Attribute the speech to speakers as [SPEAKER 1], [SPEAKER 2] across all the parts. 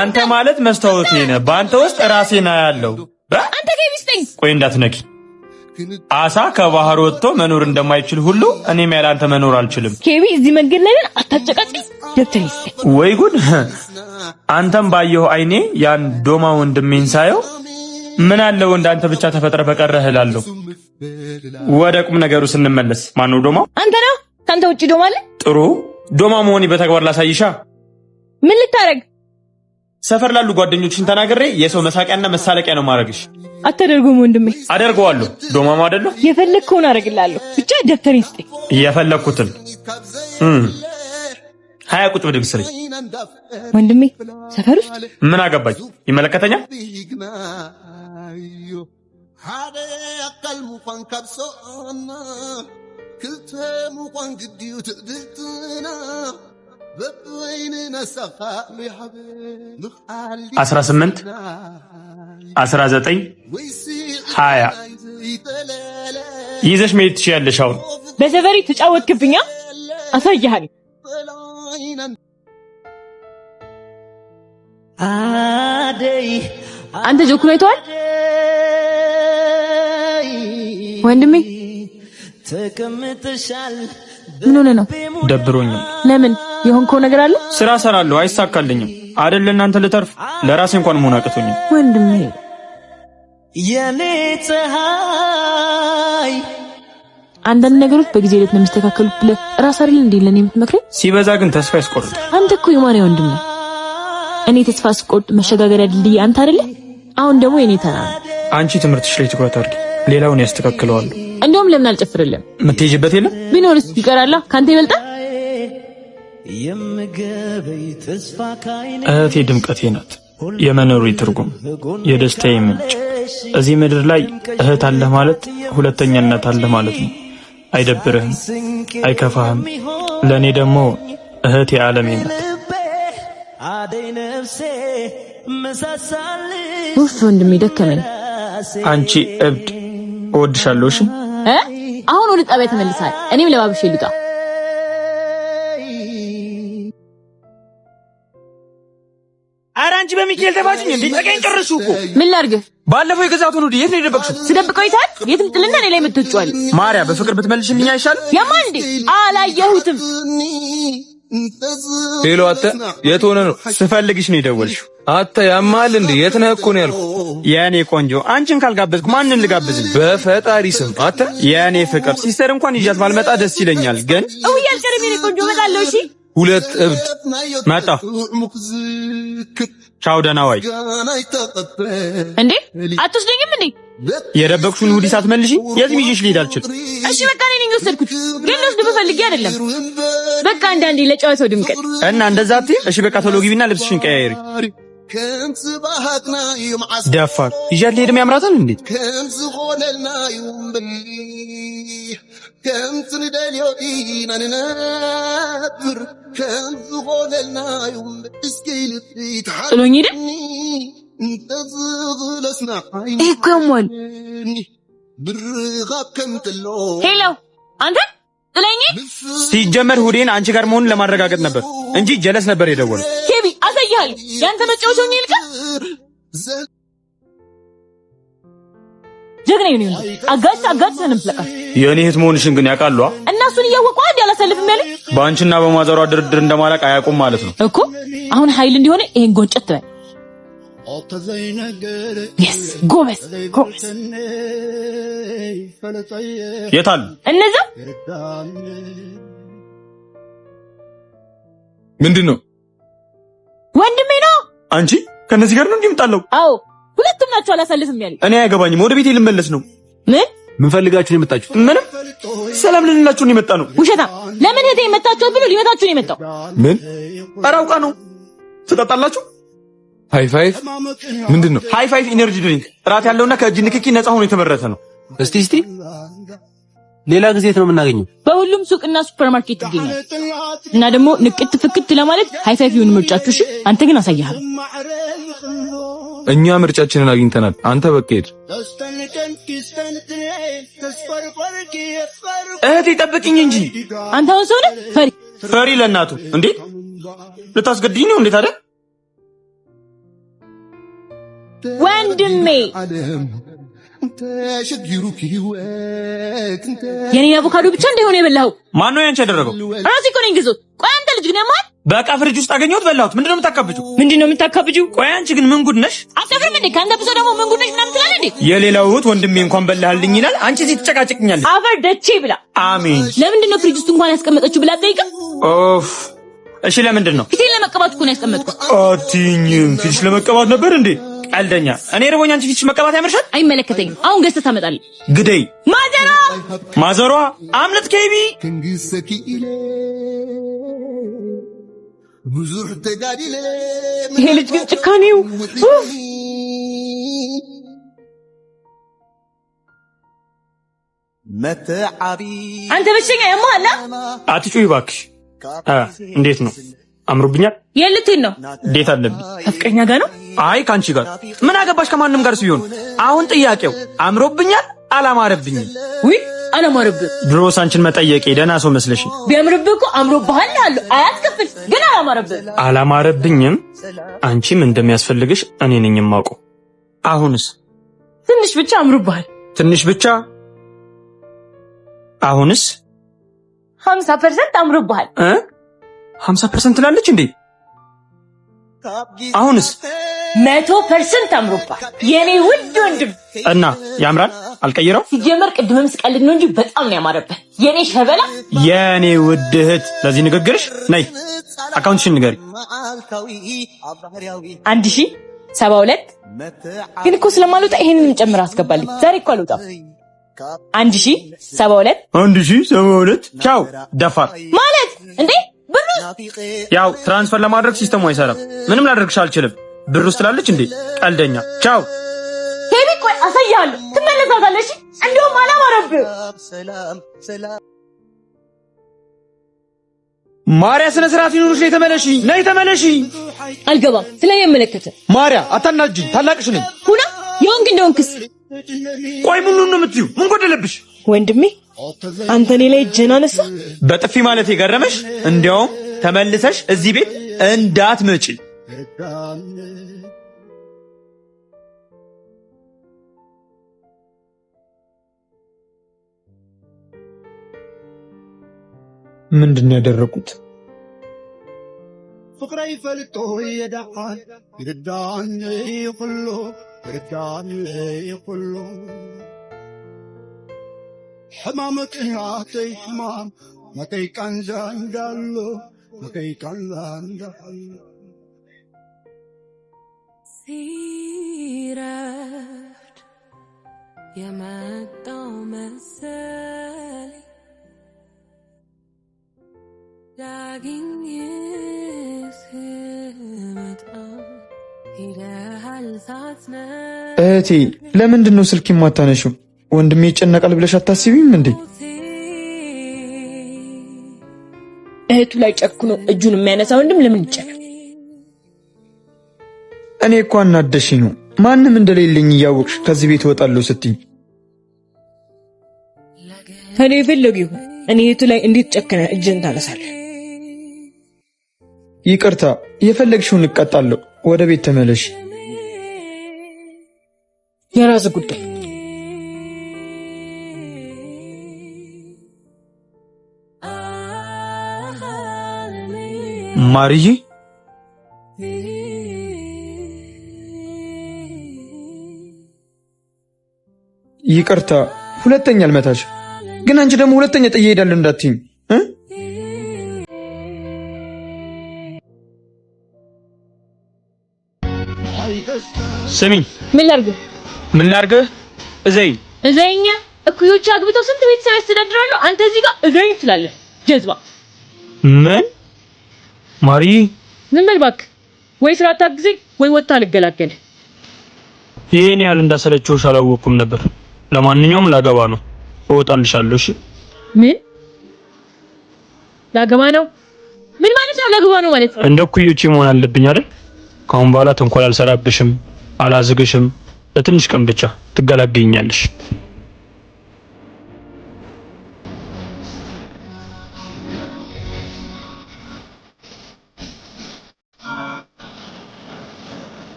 [SPEAKER 1] አንተ ማለት መስታወት ነህ። በአንተ ውስጥ ራሴና ያለው
[SPEAKER 2] አንተ ከሚስተኝ
[SPEAKER 1] ቆይ እንዳትነኪ። አሳ ከባህር ወጥቶ መኖር እንደማይችል ሁሉ እኔም ያለ አንተ መኖር አልችልም።
[SPEAKER 2] ኬቢ እዚህ መንገድ ላይ ነን፣ አታጨቃጭኝ።
[SPEAKER 1] ወይ ጉድ! አንተም ባየሁ አይኔ ያን ዶማ ወንድሜን ሳየው ምን አለው እንዳንተ ብቻ ተፈጥረ በቀረህ እላለሁ። ወደ ቁም ነገሩ ስንመለስ ማነው ዶማው?
[SPEAKER 2] አንተ ነው። ከአንተ ውጭ ዶማ አለ?
[SPEAKER 1] ጥሩ ዶማ መሆኔ በተግባር ላሳይሻ። ምን ልታረግ ሰፈር ላሉ ጓደኞችን ተናግሬ የሰው መሳቂያና መሳለቂያ ነው ማድረግሽ።
[SPEAKER 2] አታደርጉም ወንድሜ።
[SPEAKER 1] አደርገዋለሁ። ዶማማ አይደለሁ።
[SPEAKER 2] የፈለግከውን አደርግላለሁ። ብቻ ደብተር ይስጥ።
[SPEAKER 1] የፈለግኩትን ሀያ ቁጭ ብድግ ስሪ
[SPEAKER 2] ወንድሜ። ሰፈር ውስጥ
[SPEAKER 1] ምን አገባኝ? ይመለከተኛል። 18 19 20 ይዘሽ መሄድ ትችያለሽ። አሁን
[SPEAKER 2] በዘበሪ ተጫወትክብኛ፣ አሳያሃል። አንተ ጆኩን አይተዋል ወንድሜ ኖ ነው ነው? ደብሮኝ ለምን የሆንከው ነገር አለ?
[SPEAKER 1] ስራ ሰራለሁ አይሳካልኝም አይደል? እናንተ ልተርፍ ለራሴ እንኳን መሆን አቅቶኝ
[SPEAKER 2] ወንድሜ፣ የኔ ፀሐይ፣ አንዳንድ ነገሮች በጊዜ ሂደት ነው የሚስተካከሉት ብለህ ራስ አይደል እንዴ ለኔ የምትመክረኝ?
[SPEAKER 1] ሲበዛ ግን ተስፋ ያስቆርጥ።
[SPEAKER 2] አንተ እኮ የማን እኔ ተስፋ ስቆርጥ መሸጋገሪያ ድልድይ አንተ አደለ አሁን ደግሞ የኔ ተራ።
[SPEAKER 1] አንቺ ትምህርትሽ ላይ ትኩረት አድርጊ፣ ሌላውን ያስተካክለዋል።
[SPEAKER 2] እንደውም ለምን አልጨፍርልም?
[SPEAKER 1] የምትሄጂበት የለም
[SPEAKER 2] ቢኖር ስፒከር አለ ይበልጣል።
[SPEAKER 1] እህቴ ድምቀቴ ናት፣ የመኖሪ ትርጉም፣ የደስታዬ ምንጭ። እዚህ ምድር ላይ እህት አለ ማለት ሁለተኛ እናት አለ ማለት ነው። አይደብርህም፣ አይከፋህም። ለእኔ ደግሞ እህቴ የዓለሜ ናት።
[SPEAKER 2] ውፍ ወንድሜ ደከመኝ።
[SPEAKER 1] አንቺ እብድ እወድሻለሁ።
[SPEAKER 2] አሁን ወደ ጣቢያ ተመልሳል። እኔም ለባብሽ ልውጣ።
[SPEAKER 1] ኧረ አንቺ በሚካኤል ተባጭኝ እንዴ! ጠቀኝ ጨርሱ እኮ ምን ላድርግ? ባለፈው የገዛቱን ውድ የት ነው የደበቅሽው?
[SPEAKER 2] ስደብቀው ይታል የት ጥልና እኔ ላይ የምትወጪዋል።
[SPEAKER 1] ማርያ በፍቅር ብትመልሽ ምኛ ይሻል።
[SPEAKER 2] ያማ እንዴ አላየሁትም
[SPEAKER 1] ሄሎ አተ የት ሆነ ነው ስፈልግሽ ነው የደወልሽው። አተ ያማል እንዴ የት ነህ እኮ ነው ያልኩ። የእኔ ቆንጆ አንቺን ካልጋበዝኩ ማንን ልጋብዝ? በፈጣሪ ስም አተ የእኔ ፍቅር ሲስተር እንኳን ይዣት ባልመጣ ደስ ይለኛል። ግን እውዬ
[SPEAKER 2] ያልቀረም የኔ ቆንጆ እመጣለሁ። እሺ
[SPEAKER 1] ሁለት እብድ መጣ ቻው፣ ደናዋይ። ዋይ።
[SPEAKER 2] እንዴ አትወስደኝም እንዴ?
[SPEAKER 1] የደበቅሽውን ሁዲ ሳትመልሺ የዚህ ይዤሽ ልሄድ አልችልም።
[SPEAKER 2] እሺ በቃ እኔ ነኝ የወሰድኩት፣ ግን ልወስድ በፈልጌ አይደለም። በቃ አንዳንዴ ለጨዋታው ድምቀት
[SPEAKER 1] እና እንደዛ አትይ። እሺ በቃ ቶሎ ግቢና ልብስሽን ቀያየሪ። ደፋር ይዣት ልሄድም ያምራታል እንዴ? ከምፅ ኢና
[SPEAKER 2] ንነብር ከም ዝኾነልናዩ እስኪ ሄሎ አንተ ጥለኝ።
[SPEAKER 1] ሲጀመር ሁዴን አንቺ ጋር መሆኑን ለማረጋገጥ ነበር እንጂ ጀለስ ነበር የደወለው።
[SPEAKER 2] ኬቢ አሳይሃል። ያንተ መጫወቻው ይልቀ ጀግና ይሁን ይሁን አጋጭ አጋጭ ዘንም ፍለቃ
[SPEAKER 1] የኔ እህት መሆንሽን ግን ያውቃሉ።
[SPEAKER 2] እነሱን እያወቁ አንድ ያላሰልፍም ያለኝ
[SPEAKER 1] በአንቺና በማዘሯ ድርድር እንደማላቅ አያውቁም ማለት ነው
[SPEAKER 2] እኮ። አሁን ኃይል እንዲሆነ ይሄን ጎንጨት በል። የስ ጎበዝ ጎበዝ። የት አሉ እነዚያ? ምንድን ነው ወንድሜ ነው።
[SPEAKER 1] አንቺ ከእነዚህ ጋር ነው እንዲምጣለው?
[SPEAKER 2] አዎ ናቸው። አላሳልፍም ያለኝ
[SPEAKER 1] እኔ አያገባኝም። ወደ ቤቴ ልመለስ ነው። ምን ምን ፈልጋችሁ ነው የመጣችሁት? ምንም ሰላም ልንላችሁ ነው የመጣ ነው።
[SPEAKER 2] ለምን ሄደ የመጣችሁት ብሎ ሊመታችሁ ነው የመጣው።
[SPEAKER 1] ምን አራውቃ ነው። ትጠጣላችሁ። ሃይ ፋይቭ ምንድን ነው? ሃይ ፋይቭ ኢነርጂ ድሪንክ ጥራት ያለውና ከእጅ ንክኪ ነፃ ሆኖ የተመረተ ነው። እስቲ እስቲ ሌላ ጊዜ ነው የምናገኘው።
[SPEAKER 2] በሁሉም ሱቅና ሱፐርማርኬት ይገኛል። እና ደግሞ ንቅት ፍክት ለማለት ሃይ ፋይቭ ይሁን ምርጫችሁ። እሺ አንተ ግን አሳያለሁ
[SPEAKER 1] እኛ ምርጫችንን አግኝተናል። አንተ በቃ እህት እህቴ ጠብቅኝ እንጂ
[SPEAKER 2] አንተ አሁን ሰው ነህ። ፈሪ
[SPEAKER 1] ፈሪ ለእናቱ እንዴ! ልታስገድኝ ነው እንዴት ታዲያ
[SPEAKER 2] ወንድሜ የኔ አቮካዶ ብቻ እንደሆነ የበላው
[SPEAKER 1] ማን ነው ያንቺ ያደረገው?
[SPEAKER 2] ራሴ እኮ ነኝ ግዞት። ቆይ አንተ ልጅ ግን ያማል።
[SPEAKER 1] በቃ ፍሪጅ ውስጥ አገኘሁት በላሁት። ምንድነው ነው ምንድነው
[SPEAKER 2] ምንድን ነው
[SPEAKER 1] ቆይ አንቺ ግን ምን ጉድ ነሽ?
[SPEAKER 2] አታፍርም እንዴ? ከአንተ ብሶ ደግሞ ምን ጉድ ነሽ ምናምን ትላለህ እንዴ?
[SPEAKER 1] የሌላው እህት ወንድሜ እንኳን በላልኝ ይላል። አንቺ እዚህ ትጨቃጨቅኛለሽ።
[SPEAKER 2] አፈር ደቼ ብላ አሜን። ለምንድን ነው ፍሪጅ ውስጥ እንኳን ያስቀመጠችው ብላ ጠይቅም። ኦፍ እሺ፣ ለምንድን ነው ፊቴን ለመቀባት እኮ ነው ያስቀመጥኩት። አትይኝም። ፊትሽ ለመቀባት ነበር እንዴ? ቀልደኛ። እኔ ርቦኛ፣ አንቺ ፊትሽ መቀባት ያምርሻል። አይመለከተኝም። አሁን ገዝተህ ታመጣለህ። ግደይ ማዘሯ ማዘሯ አምለት ኬቢ ይሄ ልጅ ግን ጭካኔው አንተ በሽተኛ የማ አለ አትጩ ይባክሽ። እንዴት ነው አምሮብኛል? የልትን ነው ዴት አለብኝ። አፍቀኛ ጋር ነው አይ ካንቺ ጋር ምን አገባሽ? ከማንም ጋር ሲሆን አሁን ጥያቄው አምሮብኛል አላማረብኝም? ውይ አላማረብህ። ድሮስ አንቺን መጠየቄ ደህና ሰው መስለሽ። ቢያምርብህ እኮ አምሮብሃል አለ። አያስከፍል፣ ግን አላማረብህ። አላማረብኝም። አንቺም እንደሚያስፈልግሽ እኔ ነኝ የማውቀው። አሁንስ ትንሽ ብቻ አምሮብሃል። ትንሽ ብቻ አሁንስ 50% አምሮብሃል። 50% ትላለች እንዴ? አሁንስ መቶ ፐርሰንት አምሮባል የኔ ውድ ወንድም። እና ያምራል አልቀይረው። ሲጀመር ቅድምም ስቀልድ ነው እንጂ በጣም ነው ያማረበት የኔ ሸበላ፣ የኔ ውድ እህት። ለዚህ ንግግርሽ ነይ አካውንትሽን ንገሪ። አንድ ሺህ ሰባ ሁለት ግን እኮ ስለማልወጣ ይሄንንም ጨምር አስገባልኝ። ዛሬ እኮ አልወጣም። አንድ ሺ ሰባ ሁለት አንድ ሺ ሰባ ሁለት ቻው። ደፋር ማለት እንዴ ያው ትራንስፈር ለማድረግ ሲስተሙ አይሰራም። ምንም ላደርግሽ አልችልም። ብር ውስጥ ስላለች እንዴ ቀልደኛ። ቻው ቤቢ። ቆይ አሳያለሁ፣ ትመለሳታለሽ። እንደውም አላማረብህ። ማሪያ፣ ስነ ስርዓት ይኑርሽ። ነይ ተመለሺ፣ ነይ ተመለሺ። አልገባም። ስለኔ መለከተ ማርያ፣ አታናጅኝ። ታላቅሽ ነኝ። ሁና የወንግ እንደወንክስ። ቆይ ምን ነው የምትዩ? ምን ጎደለብሽ ወንድሜ? አንተ እኔ ላይ እጅህን አነሳ። በጥፊ ማለት የገረመሽ? እንዲያውም ተመልሰሽ እዚህ ቤት እንዳትመጪ። ምንድን ነው ያደረጉት? ፍቅረይ ፈልጦ የዳን ግርዳን ይኩሉ ግርዳን ይኩሉ ሕማመቅናተይ ሕማም መተይ ቃንዛ እንዳሎ கை கல்லாந்த சீரட் የመጣው መሰለኝ ላግኝ ስመጣ ሄደሃል ሳትነ እህቴ፣ ለምንድን ነው ስልክ ወንድሜ ይጨነቃል ብለሽ አታስቢም እንዴ? እህቱ ላይ ጨክኖ እጁን የሚያነሳ ወንድም ለምን ይጨካል? እኔ እኮ አናደሽ ነው። ማንም እንደሌለኝ እያወቅሽ ከዚህ ቤት እወጣለሁ ስትኝ እኔ የፈለጉ ይሁን፣ እኔ እህቱ ላይ እንዴት ጨክነ እጅን ታነሳለ? ይቅርታ፣ የፈለግሽውን እቀጣለሁ። ወደ ቤት ተመለሽ። የራስ ጉዳይ ማርዬ ይቅርታ፣ ሁለተኛ አልመታች። ግን አንቺ ደግሞ ሁለተኛ ጥዬ እሄዳለሁ እንዳትኝ እ ስሚ፣ ምን ላድርግ? ምን ላድርግ? እዘይ እዘይኛ እኩዮች አግብተው ስንት ቤተሰብ ያስተዳድራሉ። አንተ እዚህ ጋር እዘይ ትላለህ። ጀዝባ ምን ማሪ ዝም በል እባክህ። ወይ ስራ አታግዘኝ ወይ ወጣ ልገላገል። ይሄን ያህል እንዳሰለችሁሽ አላወቅኩም ነበር። ለማንኛውም ላገባ ነው፣ እወጣልሻለሁ። እሺ? ምን ላገባ ነው? ምን ማለት ነው? ላገባ ነው ማለት እንደ እኩዮቼ መሆን አለብኝ አይደል? ከአሁን በኋላ ተንኮል አልሰራብሽም፣ አላዝግሽም። ለትንሽ ቀን ብቻ ትገላገኛለሽ።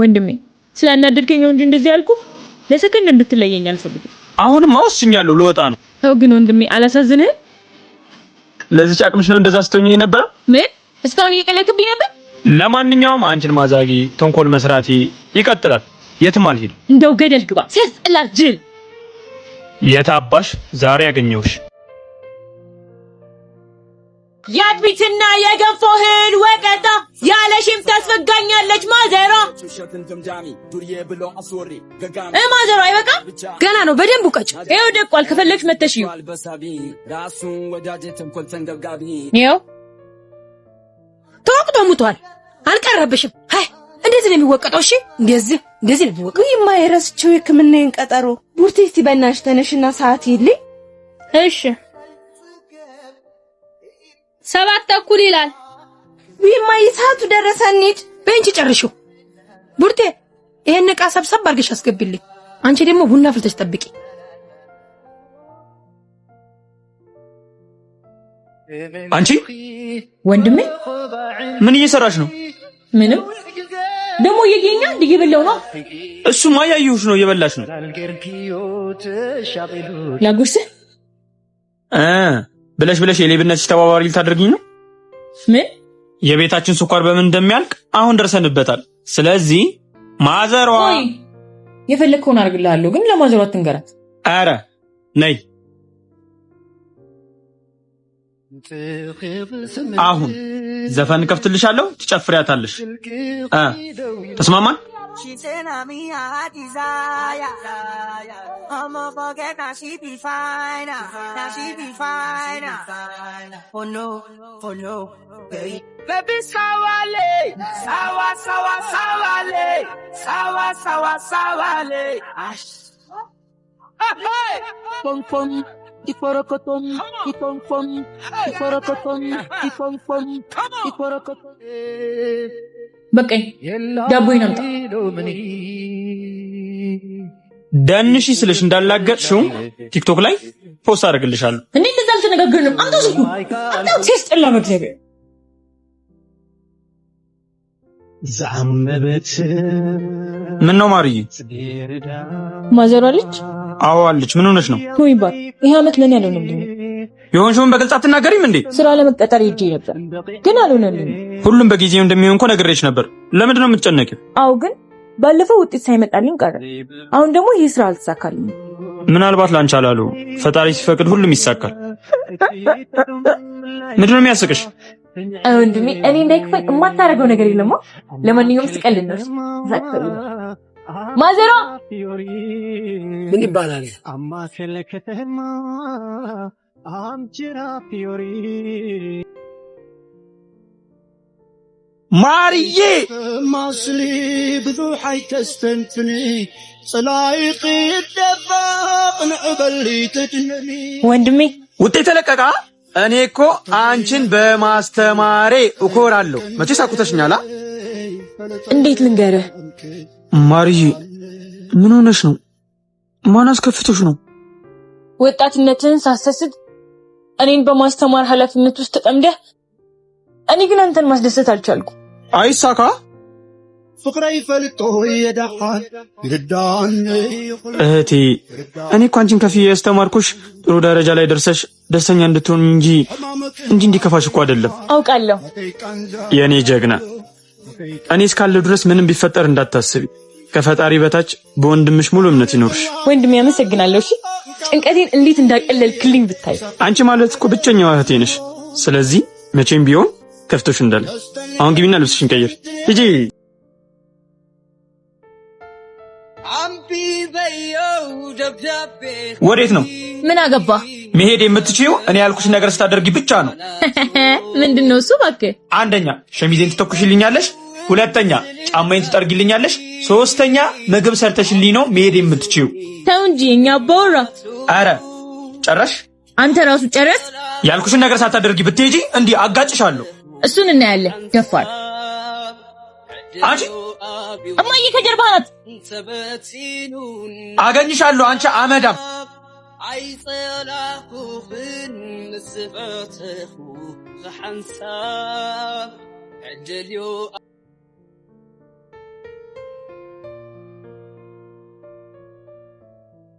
[SPEAKER 2] ወንድሜ ስላናደድከኝ ነው እንጂ እንደዚህ ያልኩ ለሰከንድ እንድትለየኝ አልፈልግም። አሁንም አወስኛለሁ፣ ልወጣ ነው። ተው ግን ወንድሜ አላሳዝንህ። ለዚህ አቅምሽ ነው እንደዛ ስትሆኚ ነበር። ምን እስካሁን እየቀለድክብኝ ነበር። ለማንኛውም አንቺን ማዛጊ፣ ተንኮል መስራቴ ይቀጥላል። የትም አልሄድም። እንደው ገደል ግባ። ሲያስጠላ ጅል። የታባሽ ዛሬ ያገኘሁሽ የአጥቢትና የገንፎ እህል ወቀጣ ያለሽም ተስፈጋኛለች ማዘሯ ማዘሯ አይበቃ ገና ነው። በደንብ እውቀጭ። ይኸው ደቋል። ከፈለግሽ መተሽ ይኸው ተወቅጦ ሙቷል። አልቀረብሽም። አይ እንዴት ነው የሚወቀጠው። እሺ እንደዚህ እንደዚህ ነው የሚወቀጠው። ይማ የረስቸው የሕክምናዬን ቀጠሮ ቡርቴ፣ እስቲ በእናትሽ ተነሽና ሰዓት ይልኝ። እሺ ሰባት ተኩል ይላል። ዊማ ይሳቱ ደረሰ። እንሂድ በእንቺ ቡርቴ ይሄን ዕቃ ሰብሰብ አድርገሽ አስገቢልኝ። አንቺ ደግሞ ቡና ፍልተሽ ጠብቂ። አንቺ ወንድሜ ምን እየሰራሽ ነው? ምንም ደግሞ እየገኛ እንደ እየበላው ነው። እሱማ እያየሁሽ ነው። እየበላሽ ነው። ላጉርስህ እ ብለሽ ብለሽ የሌብነትሽ ተባባሪ ልታደርግኝ ነው? ምን የቤታችን ስኳር በምን እንደሚያልቅ አሁን ደርሰንበታል። ስለዚህ ማዘሯ የፈለግከውን አድርግልሃለሁ፣ ግን ለማዘሯ አትንገራት። አረ ነይ አሁን ዘፈን ከፍትልሻለሁ፣ ትጨፍሪያታለሽ። ተስማማን? She said on me a hot desire. I'ma forget now she be fine. Now she be fine. Oh no, oh no, baby. Baby sawale, sawa sawa sawale, sawa sawa sawale. Ash. Hey, pom pom. Iporokotom, ipomfom, iporokotom, ipomfom, iporokotom. በቃኝ ዳቦ ይናምጣ ዳንሺ ስልሽ እንዳላገጥሽው ቲክቶክ ላይ ፖስት አደርግልሻለሁ። እኔ እንደዛ አልተነጋገርንም። አንተ ስልኩ አንተ ሲያስጠላ መግለቢያ ምን ነው ማርዬ፣ ማዘሯ አለች? አዎ አለች። ምን ሆነች ነው? ይሄ አመት ለኔ ያለው ነው የሆንሽውን በግልጽ አትናገሪም እንዴ? ስራ ለመቀጠር ሄጄ ነበር ግን አልሆነልኝም። ሁሉም በጊዜው እንደሚሆን እኮ ነግሬሽ ነበር። ለምንድን ነው የምትጨነቂው? አዎ፣ ግን ባለፈው ውጤት ሳይመጣልኝ ቀረ። አሁን ደግሞ ይህ ስራ አልተሳካልኝ። ምናልባት ላንቺ አላሉ። ፈጣሪ ሲፈቅድ ሁሉም ይሳካል። ምንድን ነው የሚያስቅሽ? ወንድሜ እኔ እንዳይክፈል የማታደርገው ነገር የለማ። ለማንኛውም ስቀል እነርሱ ማዘሯ ምን ይባላል? ማርዬ ማስሊ ብዙ ሓይተስተንትኒ ጽላይቂ ደባቕ ንዕበሊ ትድለኒ ወንድሜ ውጤት ተለቀቃ። እኔ እኮ አንቺን በማስተማሬ እኮራለሁ። መቼ ሳኩተሽኛላ። እንዴት ልንገርህ ማርዬ? ምን ሆነሽ ነው? ማን አስከፍቶሽ ነው? ወጣትነትህን ሳሰስት እኔን በማስተማር ኃላፊነት ውስጥ ተጠምደህ፣ እኔ ግን አንተን ማስደሰት አልቻልኩ። አይሳካ እህቴ፣ እኔ እኮ አንቺን ከፍዬ ያስተማርኩሽ ጥሩ ደረጃ ላይ ደርሰሽ ደስተኛ እንድትሆን እንጂ እንጂ እንዲከፋሽ እኮ አይደለም። አውቃለሁ የእኔ ጀግና። እኔ እስካለሁ ድረስ ምንም ቢፈጠር እንዳታስቢ። ከፈጣሪ በታች በወንድምሽ ሙሉ እምነት ይኖርሽ። ወንድሜ፣ አመሰግናለሁ። እሺ ጭንቀቴን እንዴት እንዳቀለልክልኝ ብታይ። አንቺ ማለት እኮ ብቸኛዋ እህቴ ነሽ። ስለዚህ መቼም ቢሆን ከፍቶሽ እንዳለ። አሁን ግቢና ልብስሽን ቀይር ሂጂ። ወዴት ነው? ምን አገባ? መሄድ የምትችይው እኔ ያልኩሽ ነገር ስታደርጊ ብቻ ነው። ምንድን ነው እሱ? እባክህ አንደኛ ሸሚዜን ትተኩሽልኛለሽ ሁለተኛ ጫማዬን ትጠርግልኛለሽ፣ ሶስተኛ ምግብ ሰርተሽልኝ ነው መሄድ የምትችይው። ተው እንጂ እኛ አባወራ። አረ ጨረሽ? አንተ ራሱ ጨረስ። ያልኩሽን ነገር ሳታደርጊ ብትሄጂ እንዲህ አጋጭሻለሁ። እሱን እናያለን። ደፋር አንቺ እማዬ ከጀርባ ናት። አገኝሻለሁ አንቺ አመዳም።